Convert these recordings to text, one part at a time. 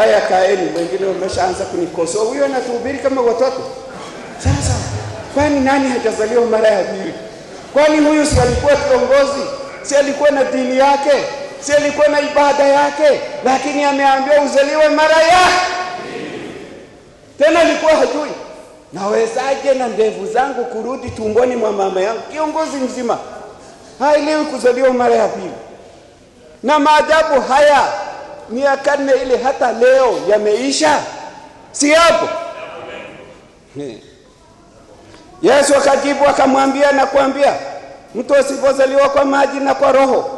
haya kaeni, wengine wameshaanza kunikosoa, huyo anatuhubiri kama watoto. Sasa kwani nani hajazaliwa mara ya pili? Kwani huyu si alikuwa kiongozi? Si alikuwa na dini yake? Si alikuwa na ibada yake? Lakini ameambiwa uzaliwe mara ya tena, alikuwa hajui nawezaje na ndevu zangu kurudi tumboni mwa mama yangu? Kiongozi mzima haelewi kuzaliwa mara ya pili, na maajabu haya ni nne ile hata leo yameisha, si hapo hmm. Yesu akajibu akamwambia, na kuambia mtu asipozaliwa kwa maji na kwa Roho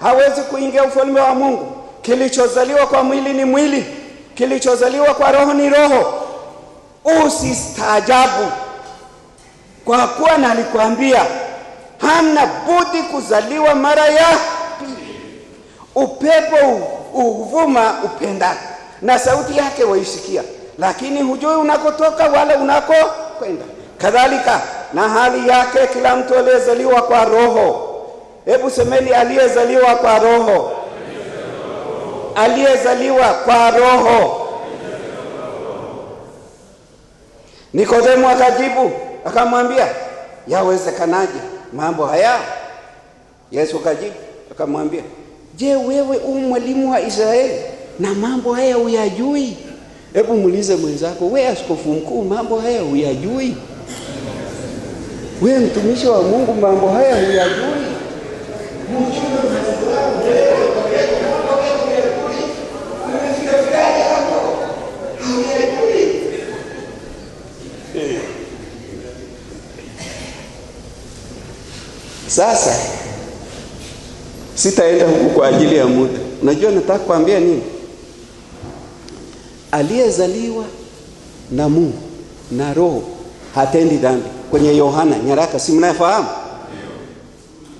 hawezi kuingia ufalme wa Mungu. Kilichozaliwa kwa mwili ni mwili, kilichozaliwa kwa roho ni roho. Usistaajabu kwa kuwa nalikwambia, hamna budi kuzaliwa mara ya pili. Upepo huvuma upendako, na sauti yake waisikia, lakini hujui unakotoka wala unakokwenda. Kadhalika na hali yake kila mtu aliyezaliwa kwa Roho. Hebu semeni, aliyezaliwa kwa Roho, aliyezaliwa kwa Roho. nikodemu akajibu akamwambia, yawezekanaje mambo haya? Yesu akajibu akamwambia Je, wewe u mwalimu wa Israeli na mambo haya uyajui? Hebu muulize mwenzako, we askofu mkuu, mambo haya uyajui? We mtumishi wa Mungu, mambo haya uyajui? Sasa Sitaenda huku kwa ajili ya muda. Unajua nataka kuambia nini? Aliyezaliwa na Mungu na Roho hatendi dhambi, kwenye Yohana nyaraka, si mnafahamu?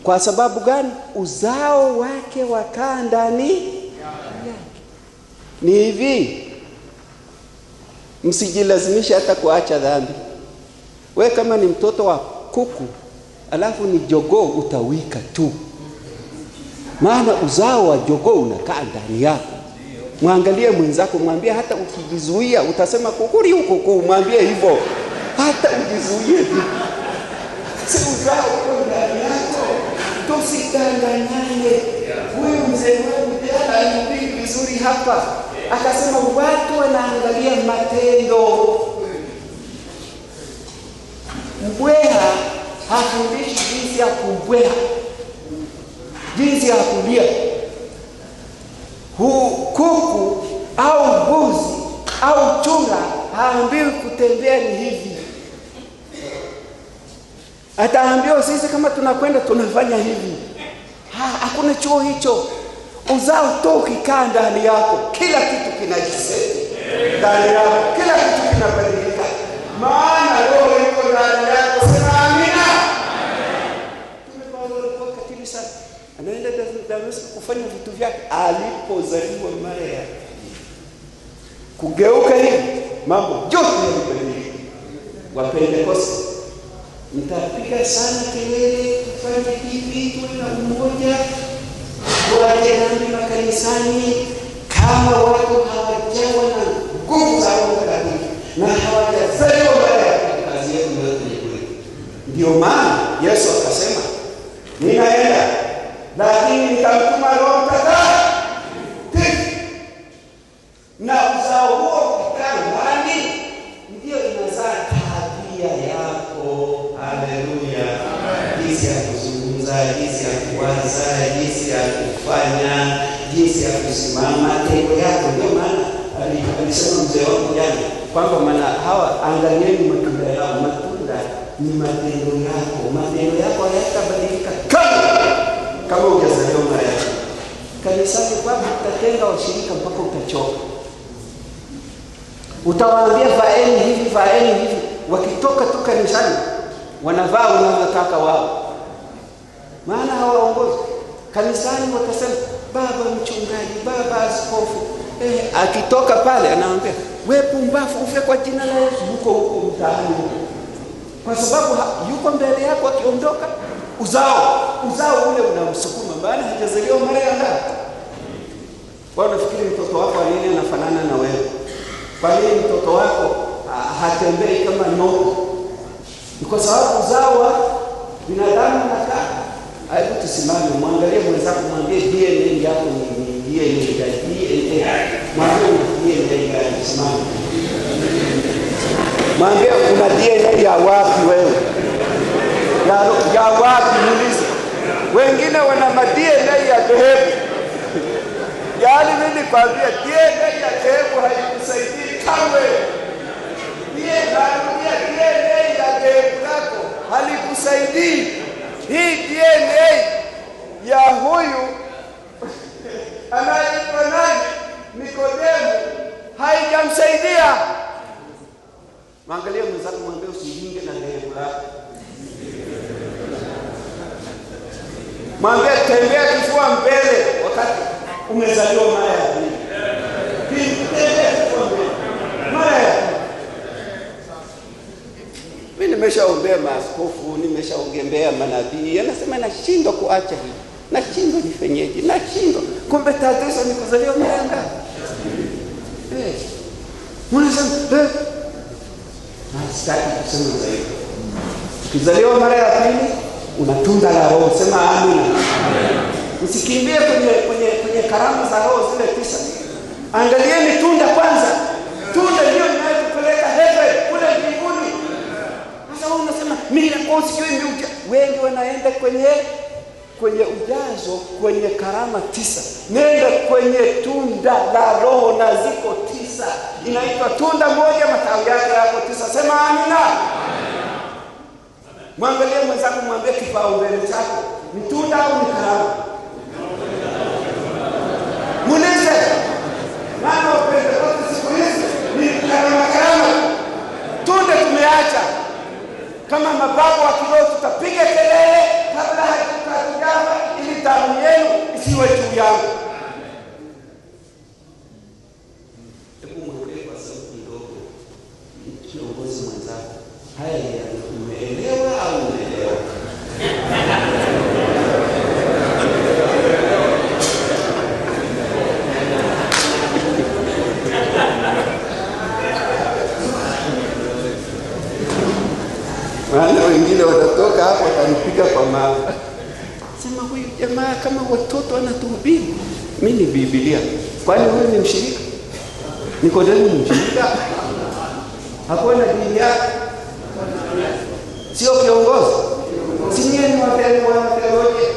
Kwa sababu gani? Uzao wake wakaa ndani Ni hivi, msijilazimishe hata kuacha dhambi. We kama ni mtoto wa kuku alafu ni jogoo, utawika tu maana uzao wa jogoo unakaa ndani yako. Mwangalie mwenzako, mwambie hata ukijizuia utasema kukuri huko huko, mwambie hivyo, hata ujizuie si uzao uko ndani yako, tusidanganyane. Huyu mzee wangu jana alihubiri vizuri hapa, akasema watu wanaangalia matendo. Mbweha hafundishi jinsi ya kubweha Mwizi hakulia. kuku au mbuzi au chura haambiwi kutembea ni hivi, ataambiwa sisi kama tunakwenda tunafanya hivi. Hakuna chuo hicho. Uzao tu ukikaa ndani yako, kila kitu kinajise ndani yako, kila kitu kinabadilika, maana roho iko ndani yako. Yesu kufanya vitu vyake alipozaliwa mara ya Kugeuka hivi mambo yote yalibadilika. Wapentekoste mtapiga sana kelele, tufanye hivi, tuwe na umoja, waje nami makanisani, kama watu hawajawa na nguvu za Roho na hawajazaliwa mara ya kazi yetu ndio maana na uzao huo ukikaa ndani ndio inazaa tabia yako. Haleluya! jinsi ya kuzungumza, jinsi ya kuwaza, jinsi ya kufanya, jinsi ya kusimama, matendo yako. Ndio maana alisema mzee wangu jana kwamba maana hawa, angalieni matunda yao. Matunda ni matendo yako, matendo yako hayatabadilika kama hujazaliwa mara ya pili kanisani kwamba utatenga washirika mpaka utachoka. Utawaambia vaeni hivi, faeni hivi, wakitoka tu kanisani wanavaa wanavyotaka wao, maana hawaongozi kanisani. Watasema baba mchungaji, baba askofu eh, akitoka pale anaambia we pumbafu, ufe kwa jina la Yesu, huko huko mtaani, kwa sababu yuko mbele yako. Akiondoka uzao uzao ule unamsukuma, maana hajazaliwa mara ya ngapi? Wao nafikiri mtoto wako anini anafanana na wewe kwa nini mtoto wako ah, hatembei kama nyoka? Ni kwa sababu zawa binadamu nakaa. Hebu tusimame, mwangalie mwenzako, mwambie DNA yako ni DNA ya DNA, mwambie ni ya kuna DNA ya wapi wewe, ya, ya wapi? Muulize. Wengine wana ma DNA ya dhehebu, yaani mimi kwambia DNA ya dhehebu haikusaidii kamwe. DNA ya halikusaidii. Hii DNA ya huyu anayeitwa nani, Nikodemu, haijamsaidia. Mwangalie mwenzako, mwambie usijinge na mwambie tembea kifua mbele, wakati umezaliwa mara ya pili. Nimeshaombea maaskofu, nimeshaombea manabii, anasema nashindwa kuacha hii, nashindwa nifenyeje, nashindwa kumbe tatizo ni kuzaliwa mara ngapi? Eh. unasema eh, sitaki kusema zaidi. Ukizaliwa mara ya pili una tunda la Roho, sema amina. Msikimbie kwenye kwenye kwenye karamu za Roho zile tisa, angalieni tunda kwanza. naende kwenye kwenye ujazo, kwenye karama tisa, nenda kwenye tunda la Roho na ziko tisa. Inaitwa tunda moja, matawi yake yako tisa. Sema amina. Mwangalie mwenzako, mwambie kipaumbele chako ni tunda au ni karama? mulize maana upende wote siku hizi ni karama, karama. tunde tumeacha Kama mababu wa kiroho tutapiga kelele kabla hatujawa, ili damu yenu isiwe juu yangu. ni Biblia. Kwani huyu ni mshirika? Nikodemu ni mshirika? Hakuna na dini yake, sio kiongozi, si nyie ni watheolojia.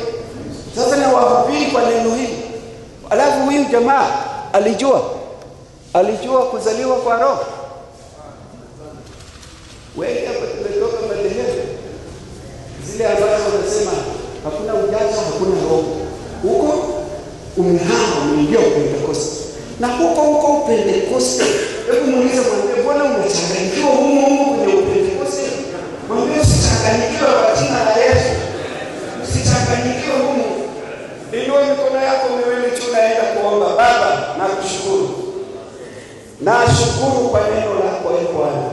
Sasa na wahubiri kwa neno hili, alafu huyu jamaa alijua alijua kuzaliwa kwa Roho. Wengi hapa tumetoka madhehebu zile ambazo wanasema hakuna ujanja, hakuna umehama umeingia Upentekoste na huko huko Upentekoste. Hebu muulize mwambie, mbona unachanganyikiwa humo humo kwenye Upentekoste? Mwambie usichanganyikiwe kwa jina la Yesu, usichanganyikiwe humo. Inua mikono yako miwili tu, naenda kuomba. Baba, na kushukuru nashukuru kwa neno lako e Bwana,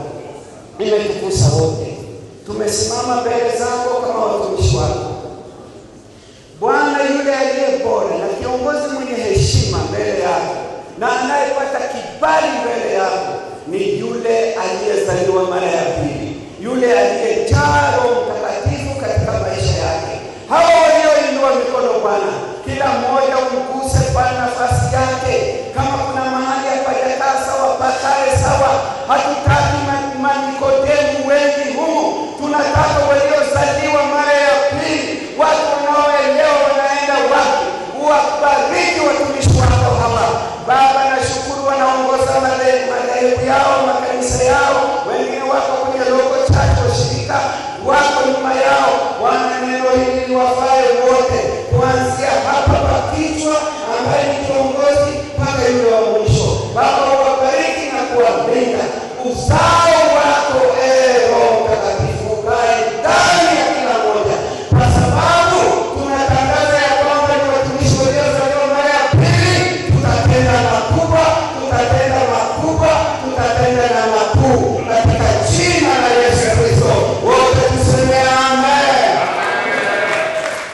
imetukusa wote, tumesimama mbele zako kama watumishi wako Bwana yule kiongozi mwenye heshima mbele yako na anayepata kibali mbele yako ni yule aliyezaliwa mara ya pili, yule aliyejaa Roho Mtakatifu katika maisha yake. Hawa walioinua mikono, Bwana, kila mmoja umguse Bwana yao, makanisa yao, wengine wako kwenye roho chache, washirika wako nyuma yao, wana neno hili wafae wote, kuanzia hapa pa kichwa ambaye ni kiongozi mpaka yule wa mwisho. Baba, wabariki na kuwalinda uzao